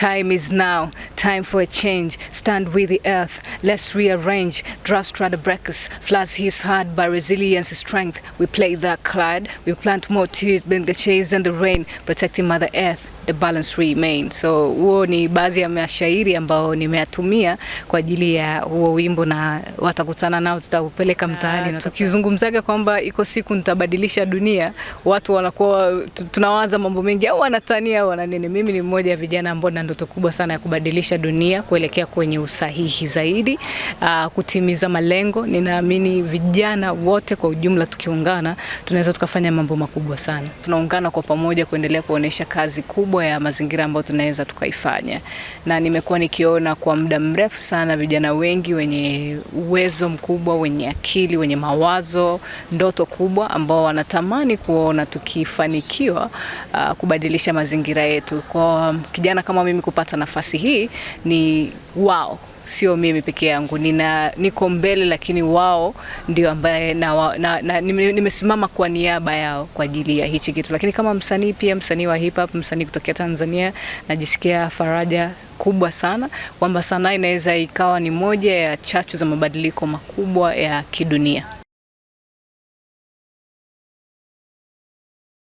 time is now Time for a change. Stand with the earth. Let's rearrange. Draft Radebrekus. Floods his heart by resilience strength. We play that clad We plant more trees bring the chase and the rain. Protecting Mother Earth. The balance remain. So huo ni baadhi ya mashairi ambao nimeyatumia kwa ajili ya huo wimbo, na watakutana nao, tutakupeleka mtaani, na tukizungumzaga kwamba iko siku nitabadilisha dunia, watu wanakuwa tunawaza mambo mengi, au wanatania au wananini. Mimi ni mmoja ya vijana ambao na ndoto kubwa sana ya kubadilisha kuielimisha dunia kuelekea kwenye usahihi zaidi, uh, kutimiza malengo. Ninaamini vijana wote kwa ujumla tukiungana, tunaweza tukafanya mambo makubwa sana. Tunaungana kwa pamoja kuendelea kuonesha kazi kubwa ya mazingira ambayo tunaweza tukaifanya, na nimekuwa nikiona kwa muda mrefu sana vijana wengi wenye uwezo mkubwa, wenye akili, wenye mawazo, ndoto kubwa, ambao wanatamani kuona tukifanikiwa uh, kubadilisha mazingira yetu. Kwa kijana kama mimi kupata nafasi hii ni wao, sio mimi peke yangu. Nina niko mbele, lakini wao ndio ambaye na, na, na, nimesimama kwa niaba yao kwa ajili ya hichi kitu. Lakini kama msanii pia, msanii wa hip hop, msanii kutokea Tanzania, najisikia faraja kubwa sana kwamba sanaa inaweza ikawa ni moja ya chachu za mabadiliko makubwa ya kidunia.